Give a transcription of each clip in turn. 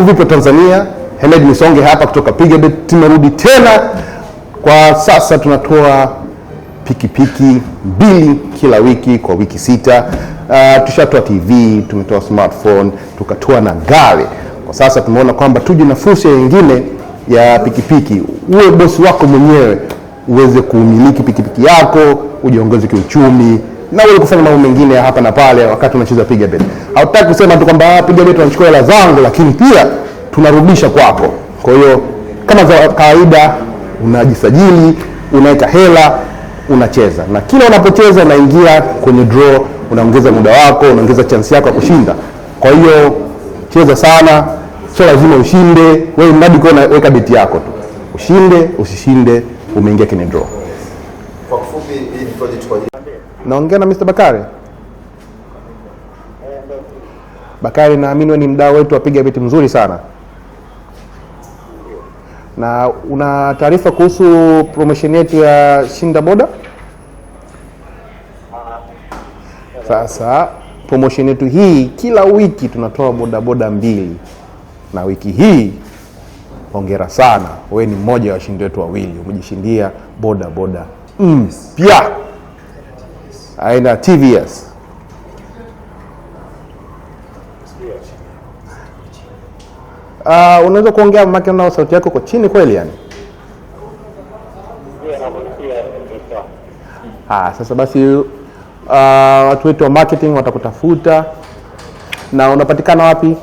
Vipo Tanzania, Hemed Misonge hapa kutoka Pigabet. Tumerudi tena kwa sasa, tunatoa pikipiki mbili kila wiki kwa wiki sita. Uh, tushatoa TV, tumetoa smartphone, tukatoa na gari. Kwa sasa tumeona kwamba tuje na fursa nyingine ya pikipiki, uwe bosi wako mwenyewe, uweze kumiliki pikipiki yako, ujiongeze kiuchumi na wewe kufanya mambo mengine hapa na pale wakati unacheza piga bet. Hautaki kusema tu kwamba ah, piga bet tunachukua hela zangu, lakini pia tunarudisha kwako. Kwa hiyo kama za kawaida unajisajili, unaweka hela, unacheza, na kila unapocheza unaingia kwenye draw, unaongeza muda wako, unaongeza chansi yako ya kushinda. Kwa hiyo cheza sana, sio lazima ushinde. Wewe mradi kwa unaweka beti yako tu, ushinde usishinde, umeingia kwenye draw. Kwa kufupi, hii project kwa naongea na Mr. Bakari. Bakari, naamini ni mdau wetu wapiga viti mzuri sana na una taarifa kuhusu promotion yetu ya Shinda Boda. Sasa promotion yetu hii kila wiki tunatoa bodaboda mbili, na wiki hii hongera sana, wewe ni mmoja wa washindi wetu wawili, umejishindia boda mpya mm aina TVS Uh, ah, unaweza kuongea maki nao sauti yako iko chini kweli yani. Ah, sasa basi ah, watu wetu wa marketing watakutafuta na unapatikana wapi?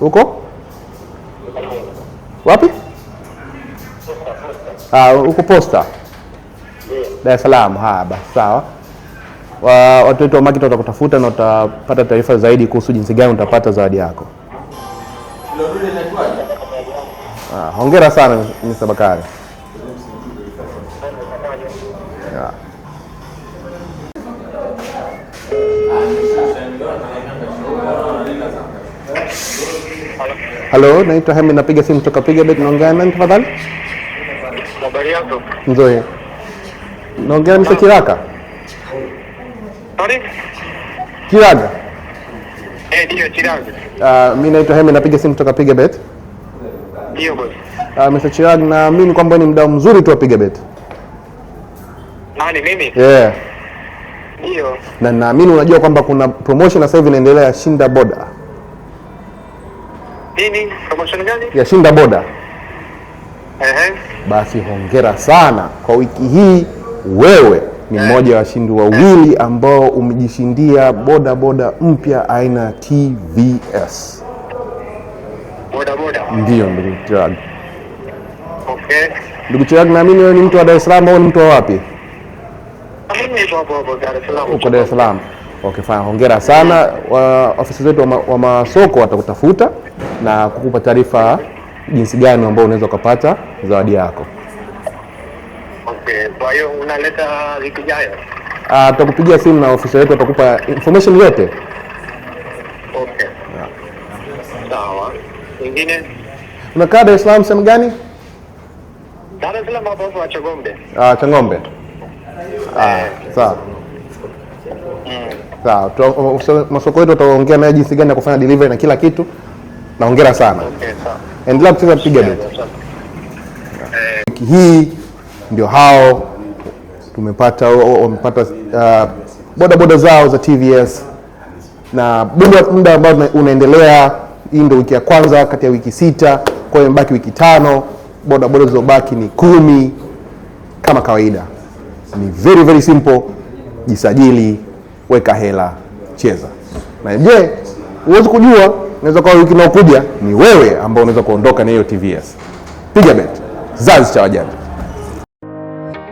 Huko? Wapi? Ah, huko posta. Dar es Salaam. Haya sawa. Wa, watu wetu wa market watakutafuta na utapata taarifa zaidi kuhusu jinsi gani utapata zawadi yako. Ah, hongera sana Mr. Bakari. Halo, naitwa Hemi, napiga simu kutoka Piga Bet, naongea nani tafadhali? Habari yako? Nzuri. Naongea na Mr. Kiraka. Sorry? Kiraka. Eh, ndio Kiraka. Ah, mimi naitwa Hemi napiga simu kutoka Piga Bet. Ndio boss. Ah, Mr. Kiraka ni kwamba ni mdau mzuri tu wa Piga Bet. Nani mimi? Yeah. Ndio. Na naamini unajua kwamba kuna promotion sasa hivi inaendelea ya Shinda Boda. Nini? Promotion gani? Ya Shinda Boda. Ehe. Basi hongera sana kwa wiki hii wewe ni eh. mmoja wa washindi wawili ambao umejishindia boda boda mpya aina ya TVS. Boda boda. Ndio ndugu Chirag. Okay. Ndugu Chirag, naamini wewe ni mtu wa Dar es Salaam au ni mtu wa wapi? Uko Dar es Salaam. Okay, fine. Hongera sana. Ofisi zetu wa, wa masoko watakutafuta na kukupa taarifa jinsi gani ambao unaweza ukapata zawadi yako. Kwa hiyo unaleta wiki ijayo, ah, tutakupigia simu na ofisa wetu atakupa information yote. Okay, sawa. Ingine? unakaa Dar es Salaam sehemu gani? Dar es Salaam hapo hapo Changombe. Ah, Changombe. Ah, eh. sawa. Mm. Sawa, masoko yetu wataongea naye jinsi gani ya kufanya delivery na kila kitu. Naongera sana. Okay, sawa. Endelea kucheza piga beti. Wiki hii ndio hao tumepata wamepata uh, bodaboda zao za TVS na bado muda ambao unaendelea. Hii ndio wiki ya kwanza kati ya wiki sita, kwa hiyo imebaki wiki tano. Bodaboda zilizobaki ni kumi. Kama kawaida ni very very simple, jisajili, weka hela, cheza. Na je, huwezi kujua, unaweza kuwa wiki inayokuja ni wewe ambao unaweza kuondoka na hiyo TVS. Piga bet, kizazi cha wajanja.